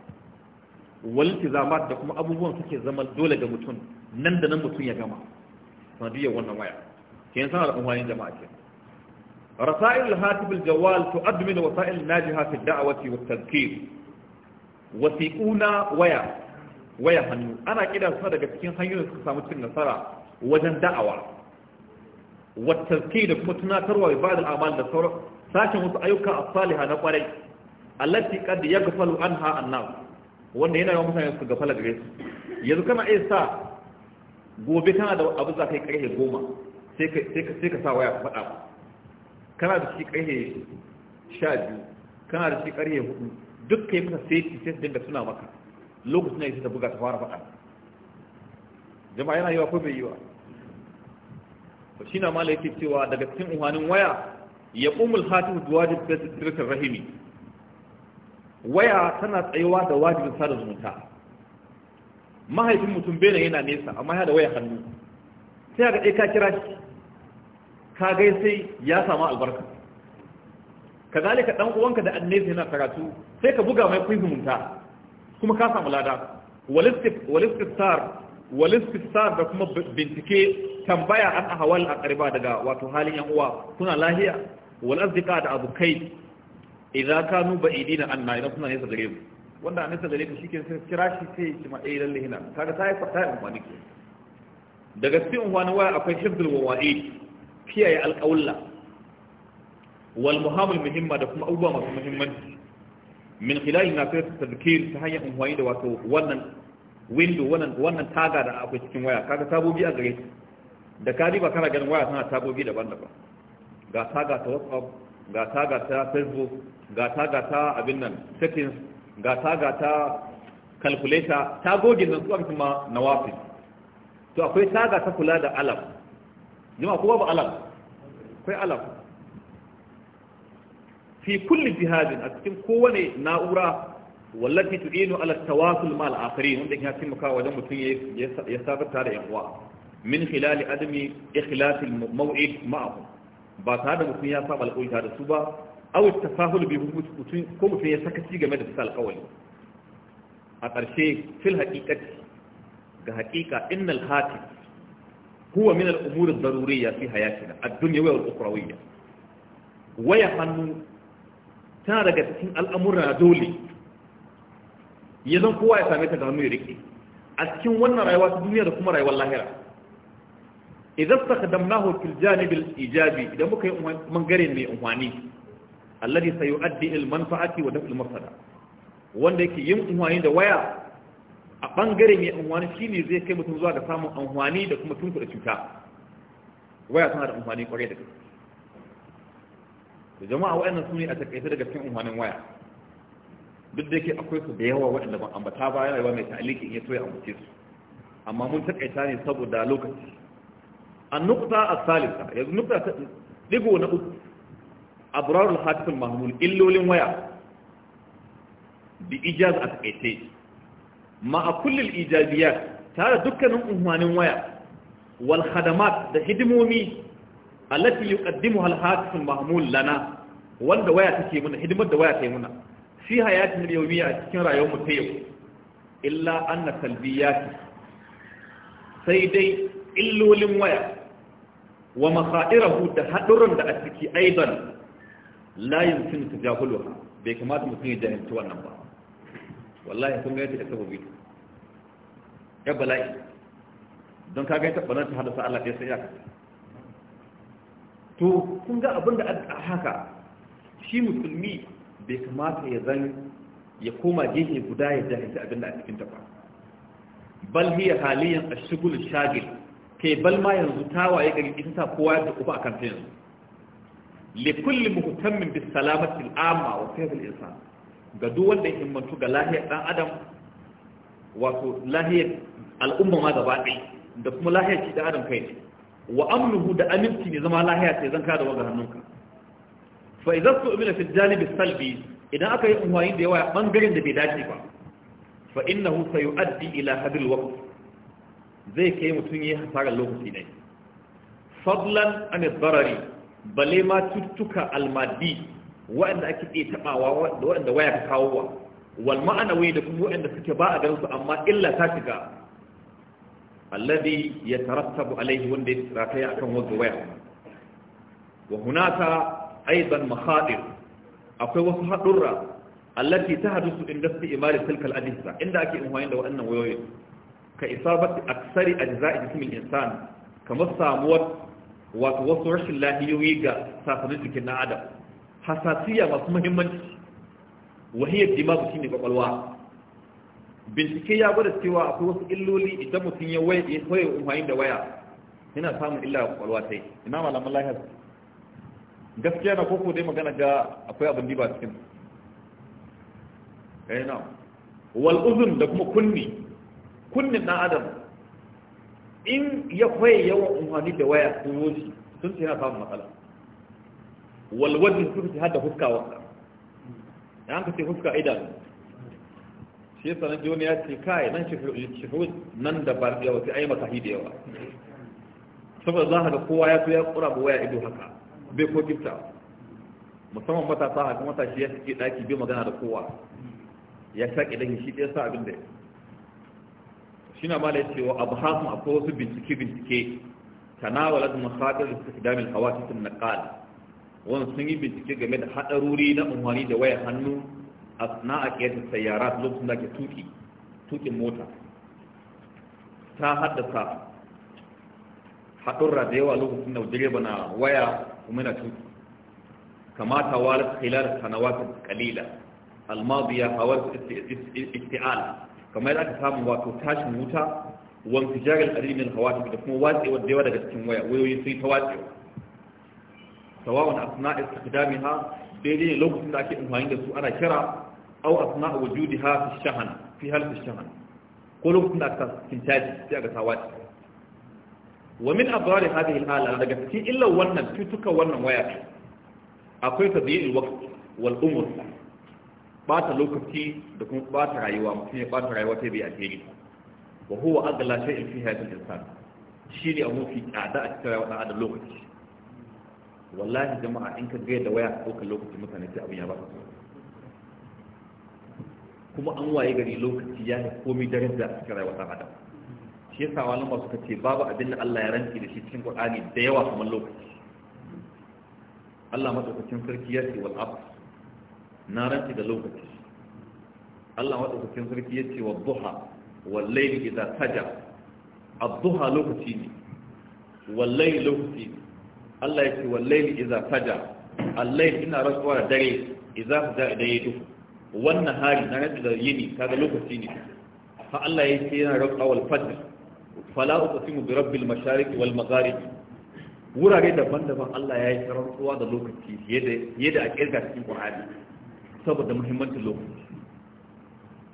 [SPEAKER 3] waltizamat da kuma abubuwan suke zama dole ga mutum nan da nan mutum ya gama sanadiyar wannan waya ke yin sanar umarnin jama'a ke rasa'il hatifil jawal to admin wasa'il najiha fi da'awati wa tazkir wasiquna waya waya hannu ana kira su daga cikin hanyoyin suka samu cikin nasara wajen da'awa wa tazkir da kuma tunatarwa ibadul amal da sauran sashen wasu ayyuka as-salihah na kwarai allati qad yaghfalu anha an-nas wanda yana yawan mutane su gafala gare su yanzu kana iya sa gobe kana da abu za ka yi karfe goma sai ka sa waya ka faɗa kana da shi karfe sha biyu kana da shi karfe hudu duk kai masa sai sai su dinga suna maka lokacin na ya ta buga ta fara faɗa jama'a yana yiwa ko bai yiwa to shi na mala yake cewa daga cikin uhanin waya ya umul hatu duwajib da tsirkar rahimi waya tana tsayuwa da wajibin sada zumunta mahaifin mutum bene yana nesa amma ya da waya hannu sai ga ka kira shi ka gai sai ya samu albarka ka gane ka dan uwanka da annesa yana karatu sai ka buga mai kun zumunta kuma ka samu lada walistisar walistisar da kuma bincike tambaya an hawal a karba daga wato halin yan uwa kuna lahiya wal azdiqa da abukai idza kanu ba'idina na idan suna nesa gare mu wanda nesa gare ka shike sai kira shi sai ya ce ma eh lalle hina kaga sai fa sai umma nake daga cikin umma na waya akwai hibdul wawaid kiyaye alqawla wal muhammul muhimma da kuma abubuwa masu muhimmanci min khilal na sai tadhkir ta hanyar umma da wato wannan window wannan wannan taga da akwai cikin waya kaga tabobi a gare da ka riba kana ganin waya tana tabobi daban-daban ga taga ta whatsapp gata gata facebook gata gata abin nan settings gata gata calculator tagogin nan su aka na wafin. to akwai taga ta kula da alam. jama'a ko ba alam? akwai alam. fi kulli jihadin a cikin kowane na'ura wallafi wallati tu'inu ala tawasul ma'al akhirin wanda yake taimaka wajen mutum ya sabar da yan uwa min khilali adami ikhlasil maw'id ma'ahu ba tare da mutum ya saba alƙawari da su ba ta tafahul bi mutum ko mutum ya sakaci game da suka alƙawari a ƙarshe fil haqiqati ga haƙiƙa, innal hati, huwa min al-umur ad-daruriyya fi hayatina ad-dunyawiyya wal ukhrawiyya waya hannu tana daga cikin al'amura dole Yanzu kowa ya same ta da hannu ya rike a cikin wannan rayuwa ta duniya da kuma rayuwar lahira idan stakhdamnahu fil janib al ijabi idan muka yi mangare mai umhani alladhi sayu'addi al manfa'ati wa daf al mafsada wanda yake yin umhani da waya a bangare mai umhani shine zai kai mutum zuwa ga samun umhani da kuma da cuta waya tana da umhani kwarai da gaske to jama'a wayannan ne a takaice daga cikin umhanin waya duk da yake akwai su da yawa waɗanda ban ambata ba yana yawa mai ta'aliki in ya so ya ambace su amma mun takaita ne saboda lokaci النقطة الثالثة يعني النقطة ديقو نقول أبرار الهاتف المهمول إلو لنويا بإجازة أتأتي مع كل الإيجابيات تعالى دكنا أهوان ويا والخدمات ده هدمومي التي يقدمها الهاتف المهمول لنا وان دوايا تكيمنا هدمت دوايا تكيمنا في حياتنا اليومية أتكين يوم التيو إلا أن سلبيات سيدي إلو لنويا wa makha'irahu da haɗurran da a ciki aidan la yumkinu tajahuluha bai kamata mutum ya jahilci wannan ba wallahi kun ga yadda sababi ya bala'i don ka ga ta bala'i ta hadasa Allah ya sai ya to kun ga abin da a haka shi musulmi bai kamata ya zan ya koma gefe guda ya jahilci abin da a cikin ta ba bal hiya haliyan ashghul shagil kai balma yanzu ta waye gari isa kowa da uba a ta yanzu li kulli muhtammin bis salamati al-amma wa fi'l al-insan ga duk wanda ya himmantu ga lahiyar dan adam wato lahiyar al'umma ma gaba ɗaya da kuma lahiyar shi da adam kai ne wa amnuhu da aminci ne zama lahiya sai zan kada waga hannunka fa idan su umina fi janibi salbi idan aka yi umarni da yawa bangaren da bai dace ba fa innahu sayu'addi ila hadil waqt zai kai mutum ya hasarar lokaci ne fadlan an barari bale ma cututtuka almadi waɗanda ake iya taɓawa da waɗanda waya ka kawo wa wal ma'anawai da kuma waɗanda suke ba a ganin su amma illa ta shiga ya yatarattabu alaihi wanda ya rataya akan wanda waya wa hunaka aidan makhadir akwai wasu hadurra allati su inda gaske tilka al-ajhisa inda ake in da waɗannan wayoyin ka isa isabati aksari a ajza'i jikin insan kamar samuwar wato wasu rashin lahiyoyi ga sasanin jikin na adam hasasiya masu muhimmanci wahiyar dimagu shine kwakwalwa bincike ya gwada cewa akwai wasu illoli idan mutum ya waya ya umarni da waya yana samun illa ga kwakwalwa sai ina malaman lahiyar gaskiya na koko dai magana ga akwai abin diba cikin Wal'uzun eh, wal uzun da kuma kunni kunnin ɗan adam in ya kwaye yawan umarni da waya sun wuce sun ce na samun matsala walwajin sun ce hada huska wasa da an ka ce fuska idanu shi yasa nan joni ya ce kai nan shafi'u nan da ba yawa sai ayi makahi da yawa saboda za ga kowa ya so kura ba waya ido haka bai ko gifta musamman matasa haka matashi ya shige daki bai magana da kowa ya shaƙi dahi shi ɗaya sa abin da ya shine ma lai cewa abhasum akwai wasu bincike bincike da masadir istikdam al-hawasis an-naqal wannan sun yi bincike game da hadaruri na umarni da wayar hannu a sana'a kiyata sayyara lokacin da ke tuki tukin mota ta haddasa haɗurra da yawa lokacin da direba bana waya kuma na tuki kamata walat khilal sanawatin qalila al-madiya hawas isti'al kamar yadda aka samu wato tashin wuta wan fijaral arimin hawatif da kuma watsewa da yawa daga cikin waya wayoyi sai ta watsewa sawa'un asna istiqdamiha daidai ne lokacin da ake amfani da su ana kira au asna wujudiha fi shahana fi hal fi shahana ko lokacin da aka cikin taji sai aka sa watsewa wa min abrar hadhihi al-ala daga cikin illar wannan cutuka wannan waya akwai tadyi'il waqt wal umur Ba ta lokaci da kuma ba ta rayuwa mutum ya ta rayuwa ta bai alheri wa huwa agla shay'in fi hayatil insan shi ne abu fi tsada a cikin rayuwa da lokaci wallahi jama'a in ka ga da waya ka ɗaukar lokaci mutane sai abin ya ba su kuma an waye gari lokaci ya komai daraja a cikin rayuwar adam shi yasa wani masu ka ce babu abin da Allah ya ranki da shi cikin Qur'ani da yawa kamar lokaci Allah madaukakin sarki ya ce wal asr na rantsi da lokaci Allah maɗaukakin sarki ya ce wa duha wallahi idan taja adduha lokaci ne wallai lokaci ne Allah ya ce wallahi idan taja allahi ina rantsuwa da dare idan taja idan ya duhu wannan hari na rantsi da yini kaga lokaci ne fa Allah ya ce yana rantsuwa wal fajr fala uqsimu bi rabbil mashariq wal magharib wurare daban-daban Allah ya yi rantsuwa da lokaci yadda a kirga cikin Buhari saboda muhimmancin lokaci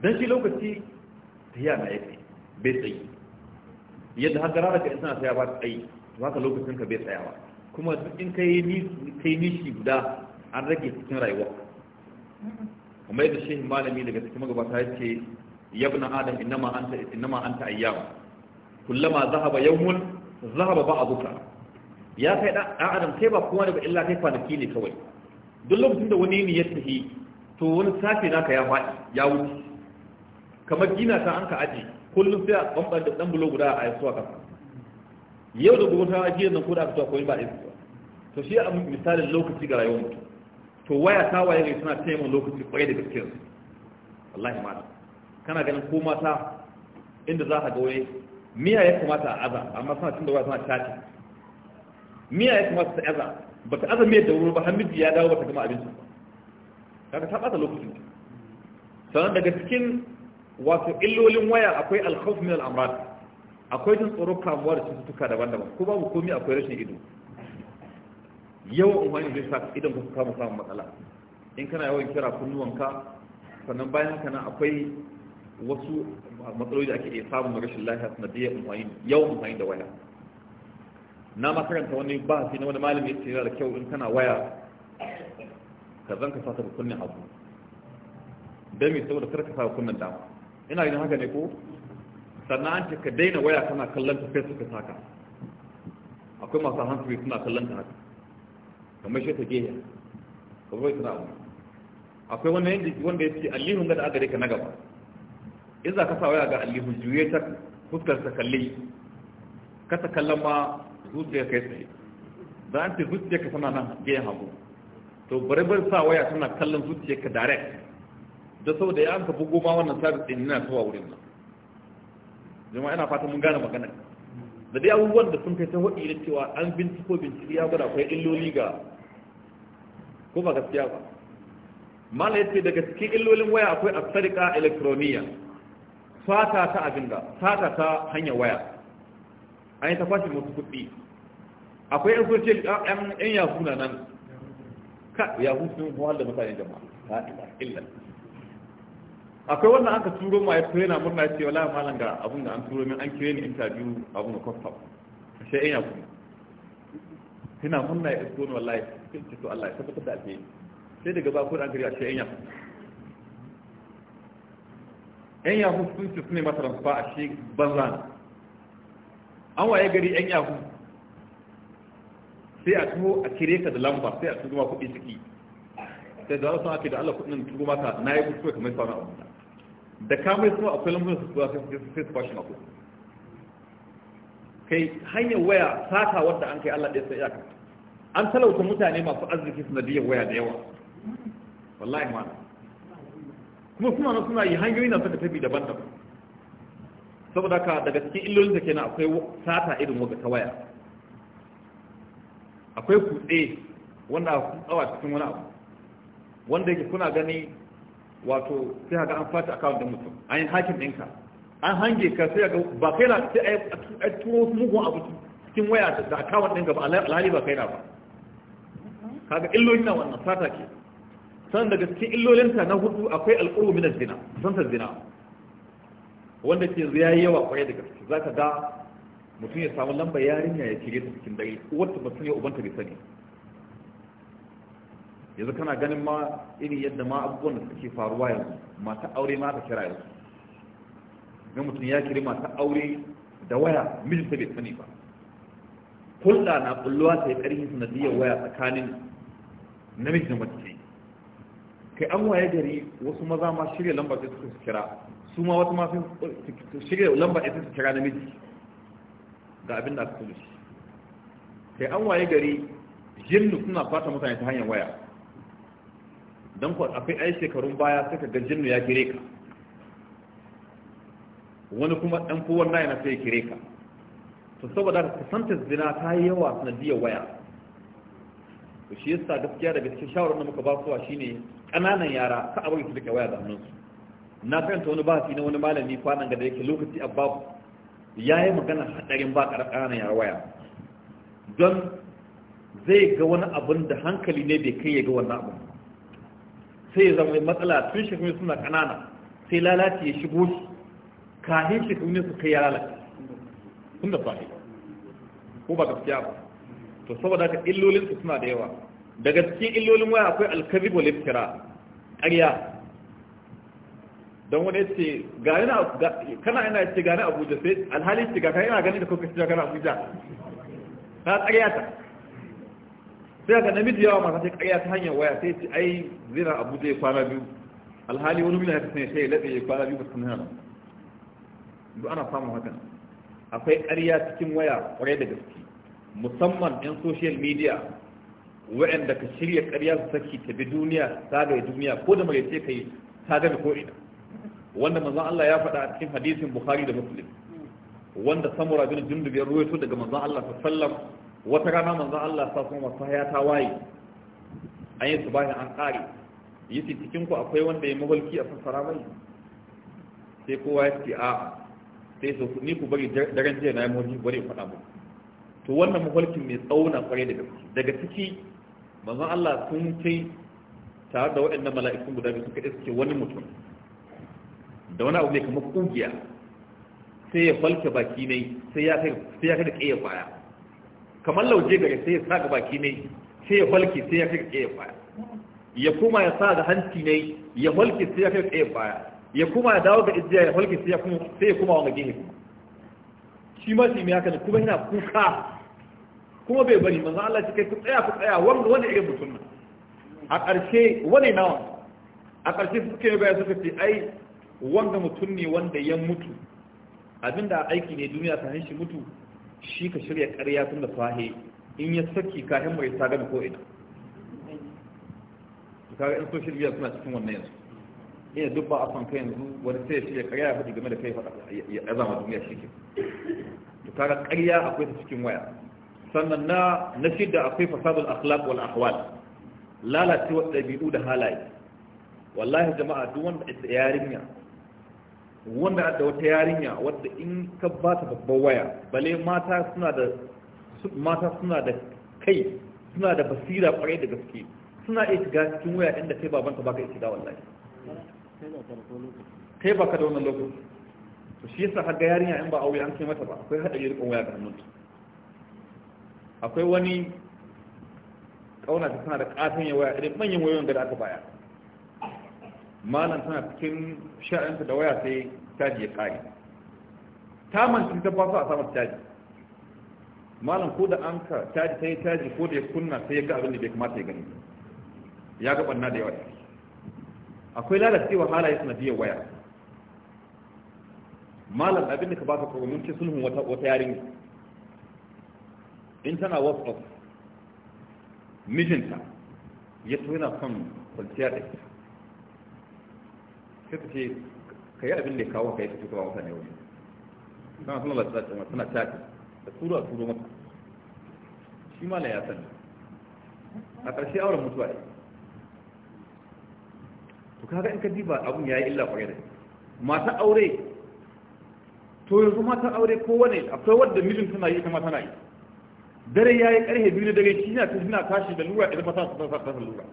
[SPEAKER 3] don shi lokaci ta yana yake bai tsayi yadda haka rana ka insana saya ba ta tsayi to haka lokacin ka bai tsayawa kuma duk in ka yi nishi guda an rage cikin rayuwa kuma yadda shehin malami daga cikin magabata ya ce yabna adam innama anta innama anta ayyam kullama zahaba yawmun zahaba ba abuka. ya kai dan adam kai ba kowa ne ba illa kai kwanaki ne kawai duk lokacin da wani ne ya tafi to wani sashi naka ya faɗi ya wuce kamar gina ta an ka aji kullum sai a bambar da dan bulo guda a yi suwa kasa yau da gobe ta ajiyar nan ko da aka kawai koyi ba a yi suwa to shi a misalin lokaci ga rayuwar mutum to waya ta waye ne suna taimaka lokaci kwaye da gaskiyar wallahi ma kana ganin ko mata inda za ka ga miya ya kamata a aza amma suna cin da waya suna caci miya ya kamata ta aza ba ta aza miyar da wuri ba Hamidu ya dawo ba ta gama abinci ba kaga ta bata lokacin sannan daga cikin wato illolin waya akwai alkhawf min al-amrad akwai jin tsoro kamuwa da cututtuka daban-daban ko babu komai akwai rashin ido yawan umarni zai sa idan ku kama samun matsala in kana yawan kira kunnuwanka sannan bayan haka nan akwai wasu matsaloli da ake iya samun na rashin lafiya sanadiyyar umarni yawan umarni da waya na makaranta wani bahasi na wani malami ya ce da kyau in kana waya ka zan ka sata kunnin hagu don mai saboda karka sa kunnin dama ina yin haka ne ko sannan an ce ka daina waya kana kallon ta facebook ka saka akwai masu hankali suna kallon ta haka kamar shi ta gehe kamar suna abu akwai wani yanzu wanda ya ce alihun gada agare ka na gaba in za ka sa waya ga alihun juye ta fuskar ta kalli Kasa kallon ma zuciya kai tsaye za a ce zuciya ka sana nan gehen hagu to bari bar sa waya suna kallon ka direct da saboda ya anka bugo ma wannan sabis din yana zuwa wurin nan jama'a ina fatan mun gane magana da dai abubuwan da sun kai ta hudi da cewa an binciko bincike ya gwada akwai illoli ga ko ba gaskiya ba mala yace daga cikin illolin waya akwai asarika elektroniya fata ta abin da fata ta hanyar waya an yi ta fashin wasu kuɗi akwai yan social yan yan yasuna nan ya hutu mu wanda mutane jama'a la ila illa akwai wannan aka turo ma ya yana murna ya ce wala malam ga abun da an turo min an kire ni interview abun da kwafta sai ina kuma tana murna ya isko ni wallahi sai ce to Allah ya tabbata da alheri sai daga ba kun an kire sai ina yan yahu sun ce su ne masa ramfa a shi banza an waye gari yan yahu sai a tuho a kire ka da lamba sai a tuho ma kuɗi ciki sai da wasu ake da Allah kuɗin tuho maka na yi kuskure kamar sauran abu da ka mai suna akwai lambar su zuwa sai su kwashe mako kai hanyar waya sata wadda an kai Allah ɗaya sai iyaka an talauta mutane masu arziki biyan waya da yawa wallahi ma kuma suna na suna yi hanyoyi na suka tafi daban-daban saboda ka daga cikin illolin da kenan akwai sata irin waga ta waya akwai kutse wanda kun tsawa cikin wani abu wanda yake kuna gani wato sai haka an fata akawun da mutum an yi hakin ɗinka an hange ka sai ga ba kai na sai a turo mugun abu cikin waya da akawun ɗinka ba alhali ba kai na ba kaga illolin na wannan fata ke san daga cikin illolinta na hudu akwai alƙurbu min zina san ta zina wanda ke yayi yawa daga da gaske zaka ga mutum ya samu lamba yarinya ya kire ta cikin dare wata ba sani ubanta bai sani yanzu kana ganin ma iri yadda ma abubuwan da suke faruwa yanzu mata aure ma aka kira yanzu ga mutum ya kiri mata aure da waya mijinta bai sani ba hulɗa na bulluwa ta yi ƙarfin sanadiyar waya tsakanin namiji da mace kai an waye gari wasu maza ma shirya lamba sai su kira su ma wata ma shirya lamba sai su kira namiji da abin da aka shi kai an waye gari jinnu suna fata mutane ta hanyar waya don kuwa akwai ai shekarun baya suka ga jinnu ya kire ka wani kuma ɗan kowar na yana sai ya kire ka to saboda ka kusantar zina ta yi yawa sanadiyar waya to shi yasa gaskiya da cikin shawarar da muka ba suwa shine ƙananan yara ka abin su duka waya da hannunsu na fahimta wani bahasi na wani malami kwanan ga da yake lokaci a babu ya yi magana hadarin ba ƙananan ya waya don zai ga wani abin da hankali ne bai kai ya ga wannan abin sai ya zama matsala tun shekaru suna ƙanana sai lalace ya shigo shi kahin shekaru ne su kai ya lalace sun da fahimta ko ba gaskiya ba to saboda haka illolin su suna da yawa daga cikin illolin waya akwai alkazi wal ƙarya don wani ce kana ina ce gani abuja sai alhali ce ga ina gani da kuka ce gani abuja ta tsaryata sai ka namiji yawa masu ta tsariya ta hanyar waya sai ce ai zira abuja ya kwana biyu alhali wani mina ta sanya shai latsa ya kwana biyu ba nuna ba. duk ana samun hakan akwai tsariya cikin waya ƙwarai da gaske musamman yan social media wa'anda ka shirya ƙarya su saki ta bi duniya ta ga duniya ko da mai ce ka yi ta ga ko ina wanda manzon Allah ya faɗa a cikin hadisin Bukhari da Muslim wanda samura bin jundub ya ruwaito daga manzon Allah sallallahu wata rana manzon Allah sa kuma sahaya ta waye an yi subahin an kare yace cikin ku akwai wanda ya mahalki a fassara mai sai kowa ya ce a sai so ni ku bari daren jiya na yi mahalki bari faɗa mu to wannan mahalkin mai tsauna kware daga ciki daga ciki manzon Allah sun kai tare da waɗannan mala'ikun guda biyu suka iske wani mutum da wani abu mai kamar kugiya sai ya falke baki ne sai ya kai sai ya kai da kiyaye kamar lauje gare sai ya saka baki ne sai ya falke sai ya kai da kiyaye baya. ya kuma ya sa da hanci ne ya falke sai ya kai da kiyaye baya. ya kuma ya dawo ga ijiya ya falke sai ya kuma sai ya kuma wanga shi ma shi mai haka ne kuma yana kuka kuma bai bari manzo Allah shi kai ku tsaya ku tsaya wanda wani irin mutum a ƙarshe wani nawa a ƙarshe suke bayan suka ce ai wanda mutum ne wanda ya mutu abinda aiki ne duniya ta shi mutu shi ka shirya karya tun da fahe in ya saki kayan mai ta gami ko ina kaga in social media suna cikin wannan yanzu ina duk ba a son kai yanzu wani sai ya shirya karya ya faɗi game da kai faɗa ya zama duniya shi ke to kaga ƙarya akwai ta cikin waya sannan na na shidda akwai fasadul akhlaq wal ahwal lalacewa ɗabi'u da halaye wallahi jama'a duk wanda ya yarinya wanda da wata yarinya wadda in ka ba ta babban waya bale mata suna da mata suna da kai suna da basira kwarai da gaske suna iya shiga cikin waya inda kai babanta baka iya shiga wallahi kai baka da wannan lokaci to shi yasa har ga yarinya in ba aure an kai mata ba akwai hadari rikon waya ga hannunta akwai wani kauna ta tana da katon ya waya irin manyan wayoyin da aka baya malam tana cikin sha'anta da waya sai caji ya kare taman sun ta fasa a sama caji malam ko da an ka caji ta yi caji ko da ya kunna sai ya ga abin da bai kamata ya gani ya ga ɓanna da yawa akwai lalacewa halaye biyan waya malam abin da ka baka kuma mun ce sulhun wata wata yarinya in tana whatsapp mijinta ya tuna yana son kwanciya da ita sai ta ce ka yi abin da ya kawo ka yi fito ba mutane wani kana suna latsa tsoma suna tafi da turo a turo mata shi ma ya sani a ƙarshe auren mutuwa ne to kaga in ka diba abun ya yi illa kwarai da mata aure to yanzu mata aure ko wane akwai wadda mijin tana yi ita ma tana yi dare ya yi ƙarfe biyu na dare shi na tashi na tashi da lura idan mata su ta lura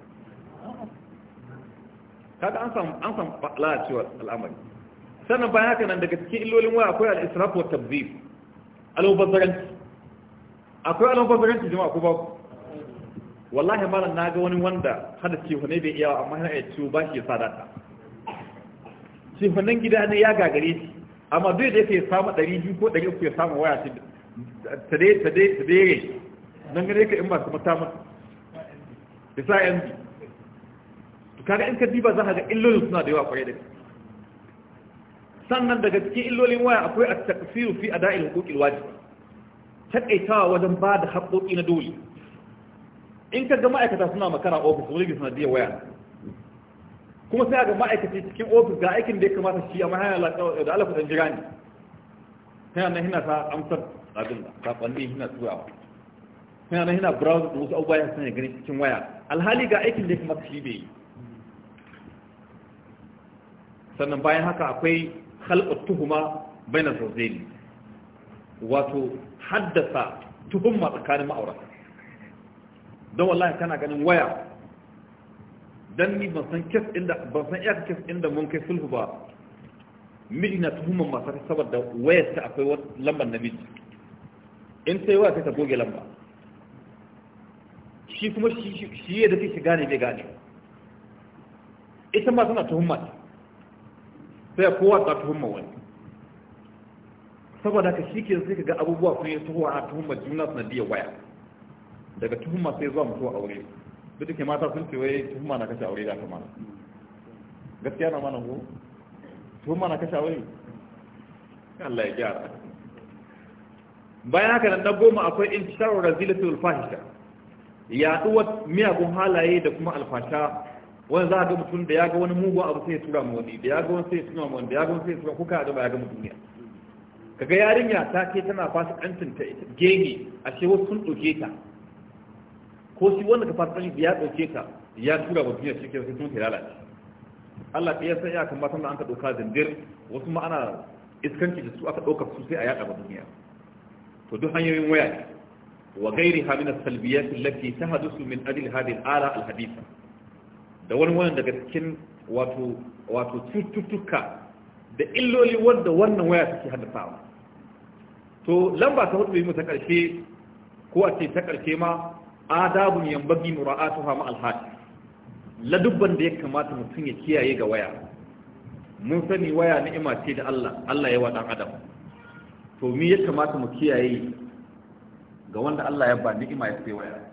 [SPEAKER 3] kaga an samu an samu lalacewa al'amari sannan bayan haka nan daga cikin illolin waya akwai al-israf wa tabzib al-mubazzaranci akwai al-mubazzaranci jama'a ko ba ku wallahi malam na ga wani wanda hada ce hune bai iya amma yana iya ciwo ba shi ya data ce hunan gida ne ya gagare shi amma duk da yake samu 200 ko 300 ya samu waya ce ta dai ta dai ta dai ka in ba su mata mata da sa yanzu to kaga in ka diba za ka ga illolin suna da yawa kwarai da kai sannan daga cikin illolin waya akwai at-taqsiru fi ada'il huquqil wajib takaitawa wajen ba da haƙoƙi na dole in ka ga ma'aikata suna makara ofis wani suna biya waya kuma sai ga ma'aikaci cikin ofis ga aikin da ya kamata shi amma hanyar da alaƙa ɗan jira ne hanyar nan hina ta amsar abin da saƙonni hina turawa hanyar nan hina browser da wasu abubuwa ya sanya gani cikin waya alhali ga aikin da ya kamata shi bai yi sannan bayan haka akwai khalqat tuhuma baina zawjayn wato haddasa tuhuma tsakanin ma'aurata don wallahi kana ganin waya dan ni ban san kes inda ban san iya kes inda mun kai sulhu ba miji na tuhumar masu saboda wayar ta akwai lambar namiji in sai waya ta goge lamba shi kuma shi yadda take gane bai gane ita ma tana tuhumar sai kowa ta tuhumma wani saboda ka shi ke sai ka ga abubuwa sun yi tuhuwa a tuhumma juna biya waya daga tuhumma sai zuwa mutuwa aure duk da ke mata sun ce wai tuhumma na kashe aure da aka gaskiya na mana ko tuhumma na kashe aure Allah ya gyara bayan haka nan na goma akwai in intisharar razilatul fahisha yaduwar miyagun halaye da kuma alfasha wani za a ga mutum da ya ga wani mugu abu sai ya tura ma wani da ya ga wani sai ya tura ma wani da ya ga wani sai ya tura kuka da ba ya ga mutum ya? kaga yarinya ta ce tana fasikancin ta gege ashe wasu sun ɗauke ta ko shi wanda ka fasikancin ya ɗauke ta ya tura wa duniya cikin wasu sun ta lalace Allah ya san iyakan matan da an ka ɗauka zindir wasu ma ana iskanci da su aka ɗaukar su sai a yaɗa ba duniya to duk hanyoyin waya ne wa gairi hamina salbiyatin lafi ta hadu su min ajiyar hadin ala alhadisa da wani wani daga cikin wato cututtuka da illoli wanda wannan waya take haddasawa to lamba ta hudu mu ta karshe ko a ce ta karshe ma adabun yambagi mura'atuha ma alhaji ladubban da ya kamata mutum ya kiyaye ga waya mun sani waya ni'ima ce da Allah Allah ya wa adam
[SPEAKER 1] to me ya kamata mu kiyaye ga wanda Allah ya ba ni'ima ya sai waya